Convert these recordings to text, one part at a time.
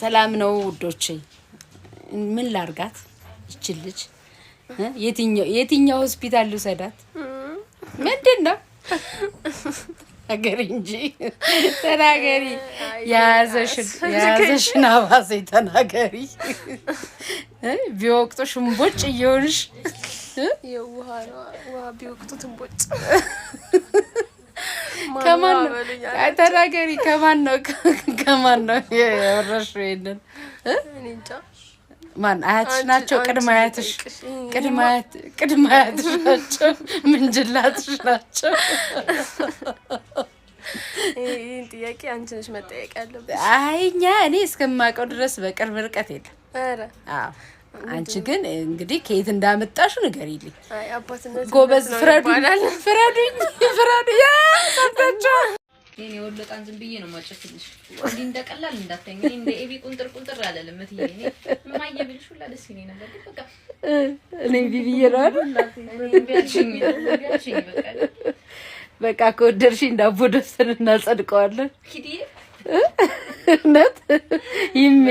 ሰላም ነው ውዶቼ። ምን ላርጋት ይችል ልጅ? የትኛው ሆስፒታል ልውሰዳት? ምንድን ነው ተናገሪ እንጂ ተናገሪ። የያዘሽን ተናገሪ። እየሆንሽ የውሃ ከማን ነው ተናገሪ? ከማን ነው ከማን ነው የወረሽው? ይሄንን ማን አያትሽ ናቸው? ቅድመ አያትሽ ቅድመ አያትሽ ናቸው? ምንጅላትሽ ናቸው? ይህን ጥያቄ አንቺ ነሽ መጠየቅ ያለብሽ። አይ እኛ እኔ እስከማውቀው ድረስ በቅርብ ርቀት የለም። አንቺ ግን እንግዲህ ከየት እንዳመጣሽ ይልኝ። ጎበዝ ፍረዱኝ፣ ፍረዱኝ፣ ፍረዱኝ። እኔ ዝም ብዬ ነው ማጨት ትንሽ እንዲ እንደቀላል እንዳታኝ። እንደ ኤቢ ቁንጥር ቁንጥር አለልም እትዬ። ማየ ብልሽ ሁላ ደስ ይለኝ ነበር። በቃ እኔ ነው አይደል? በቃ ከወደድሽኝ ዳቦ እናጸድቀዋለን እውነት ይሜ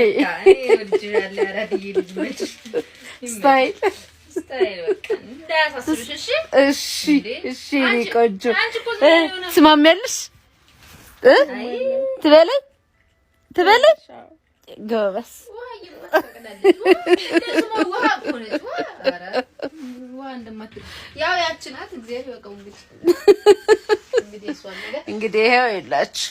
ስታይል እሺ እሺ ቆንጆ ትስማሚያለሽ እ ትበለኝ ትበለኝ ጎበስ እንግዲህ ይኸው የላችሁ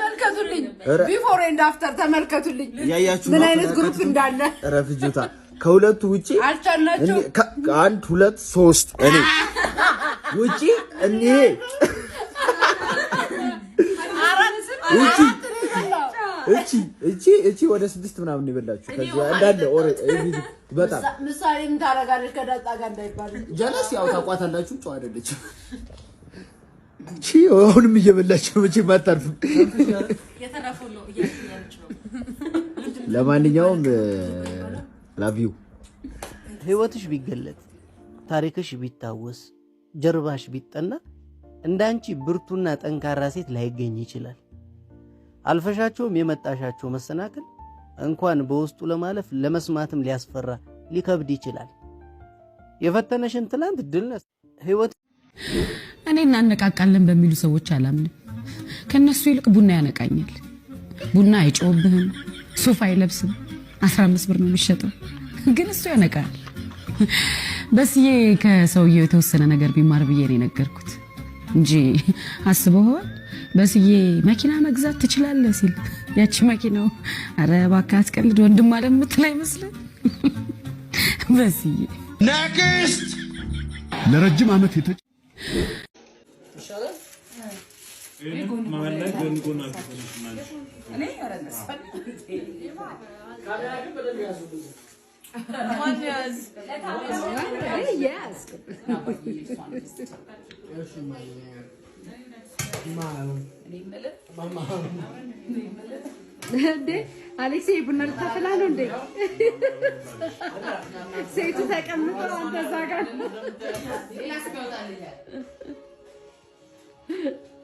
ቢፎር ኤንድ አፍተር ተመልከቱልኝ፣ ምን አይነት ግሩፕ እንዳለ ረፍጁታ ከሁለቱ ውጪ አንድ ሁለት ሶስት እኔ ውጪ እኔ እቺ እቺ እቺ ወደ ስድስት ምናምን ይበላችሁ። ከዚያ እንዳለ ኦሬ በጣም ምሳሌ ምን ከዳጣ ጋር እንዳይባል ጀለስ ያው ታቋታላችሁ። ጨዋ አይደለች እቺ። አሁንም እየበላችሁ መቼም አታርፍም። ለማንኛውም ላቪው ህይወትሽ ቢገለጥ ታሪክሽ ቢታወስ ጀርባሽ ቢጠና እንዳንቺ ብርቱና ጠንካራ ሴት ላይገኝ ይችላል። አልፈሻቸውም የመጣሻቸው መሰናክል እንኳን በውስጡ ለማለፍ ለመስማትም ሊያስፈራ ሊከብድ ይችላል። የፈተነሽን ትላንት ድልነት ህይወት እኔ እናነቃቃለን በሚሉ ሰዎች አላምንም። ከእነሱ ይልቅ ቡና ያነቃኛል። ቡና አይጮህብህም፣ ሱፍ አይለብስም። 15 ብር ነው የሚሸጠው፣ ግን እሱ ያነቃል። በስዬ ከሰውየው የተወሰነ ነገር ቢማር ብዬ ነው የነገርኩት እንጂ አስበዋል። በስዬ መኪና መግዛት ትችላለህ ሲል ያቺ መኪናው አረ እባክህ አትቀልድ ወንድም አለ የምትል አይመስልም? በስዬ ነቅስት ለረጅም ዓመት እንዴ አሌክስ ቡና ልታፈላ ነው እንዴ? ሴቱ ተቀምጦ አንተ እዛ ጋር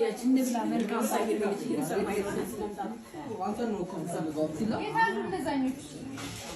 ነው